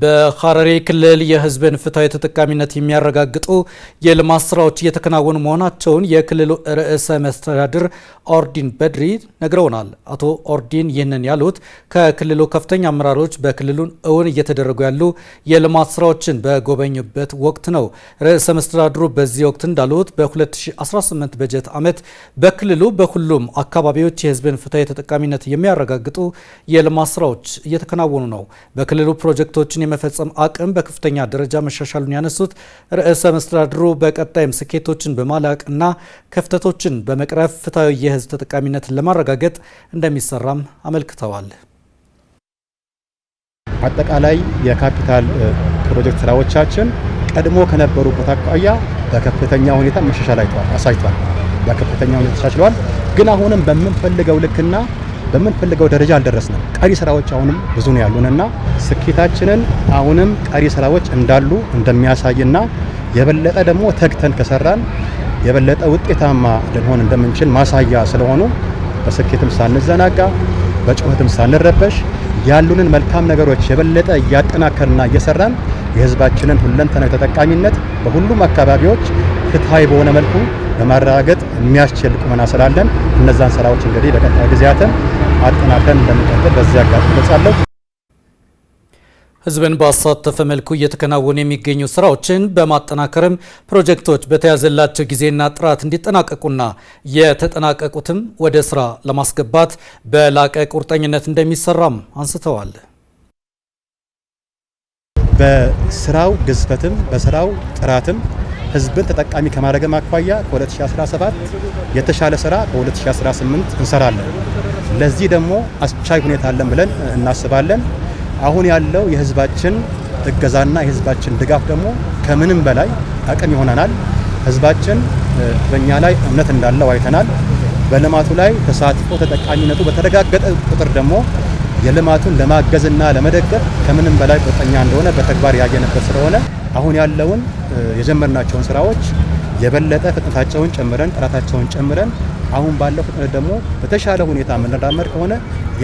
በሐረሪ ክልል የህዝብን ፍትሐዊ ተጠቃሚነት የሚያረጋግጡ የልማት ስራዎች እየተከናወኑ መሆናቸውን የክልሉ ርዕሰ መስተዳድር ኦርዲን በድሪ ነግረውናል። አቶ ኦርዲን ይህንን ያሉት ከክልሉ ከፍተኛ አመራሮች በክልሉን እውን እየተደረጉ ያሉ የልማት ስራዎችን በጎበኙበት ወቅት ነው። ርዕሰ መስተዳድሩ በዚህ ወቅት እንዳሉት በ2018 በጀት ዓመት በክልሉ በሁሉም አካባቢዎች የህዝብን ፍትሐዊ ተጠቃሚነት የሚያረጋግጡ የልማት ስራዎች እየተከናወኑ ነው። በክልሉ ፕሮጀክቶች ስራዎችን የመፈጸም አቅም በከፍተኛ ደረጃ መሻሻሉን ያነሱት ርዕሰ መስተዳድሩ በቀጣይም ስኬቶችን በማላቅ እና ክፍተቶችን በመቅረፍ ፍትሐዊ የህዝብ ተጠቃሚነትን ለማረጋገጥ እንደሚሰራም አመልክተዋል። አጠቃላይ የካፒታል ፕሮጀክት ስራዎቻችን ቀድሞ ከነበሩበት አኳያ በከፍተኛ ሁኔታ መሻሻል አሳይቷል። በከፍተኛ ሁኔታ ተሻሽሏል። ግን አሁንም በምንፈልገው ልክና በምንፈልገው ደረጃ አልደረስንም። ቀሪ ስራዎች አሁንም ብዙ ነው ያሉንና ስኬታችንን አሁንም ቀሪ ስራዎች እንዳሉ እንደሚያሳይና የበለጠ ደግሞ ተግተን ከሰራን የበለጠ ውጤታማ ልንሆን እንደምንችል ማሳያ ስለሆኑ በስኬትም ሳንዘናጋ በጩኸትም ሳንረበሽ ያሉንን መልካም ነገሮች የበለጠ እያጠናከርና እየሰራን የህዝባችንን ሁለንተናዊ ተጠቃሚነት በሁሉም አካባቢዎች ፍትሐዊ በሆነ መልኩ ለማረጋገጥ የሚያስችል ቁመና ስላለን እነዛን ስራዎች እንግዲህ በቀጣይ ጊዜያትን አጠናክረን እንደምንቀጥል በዚህ አጋጣሚ ገልጻለሁ። ህዝብን ባሳተፈ መልኩ እየተከናወኑ የሚገኙ ስራዎችን በማጠናከርም ፕሮጀክቶች በተያዘላቸው ጊዜና ጥራት እንዲጠናቀቁና የተጠናቀቁትም ወደ ስራ ለማስገባት በላቀ ቁርጠኝነት እንደሚሰራም አንስተዋል። በስራው ግዝፈትም በስራው ጥራትም ህዝብን ተጠቃሚ ከማድረግም አኳያ ከ2017 የተሻለ ስራ በ2018 እንሰራለን። ለዚህ ደግሞ አስቻይ ሁኔታ አለን ብለን እናስባለን። አሁን ያለው የህዝባችን እገዛና የህዝባችን ድጋፍ ደግሞ ከምንም በላይ አቅም ይሆነናል። ህዝባችን በእኛ ላይ እምነት እንዳለው አይተናል። በልማቱ ላይ ተሳትፎ ተጠቃሚነቱ በተረጋገጠ ቁጥር ደግሞ የልማቱን ለማገዝና ለመደገፍ ከምንም በላይ ቁርጠኛ እንደሆነ በተግባር ያየነበት ስለሆነ አሁን ያለውን የጀመርናቸውን ስራዎች የበለጠ ፍጥነታቸውን ጨምረን ጥራታቸውን ጨምረን አሁን ባለው ፍጥነት ደግሞ በተሻለ ሁኔታ መነዳመር ከሆነ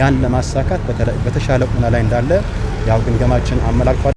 ያን ለማሳካት በተሻለ ቁና ላይ እንዳለ ያው ግምገማችን አመላክቷል።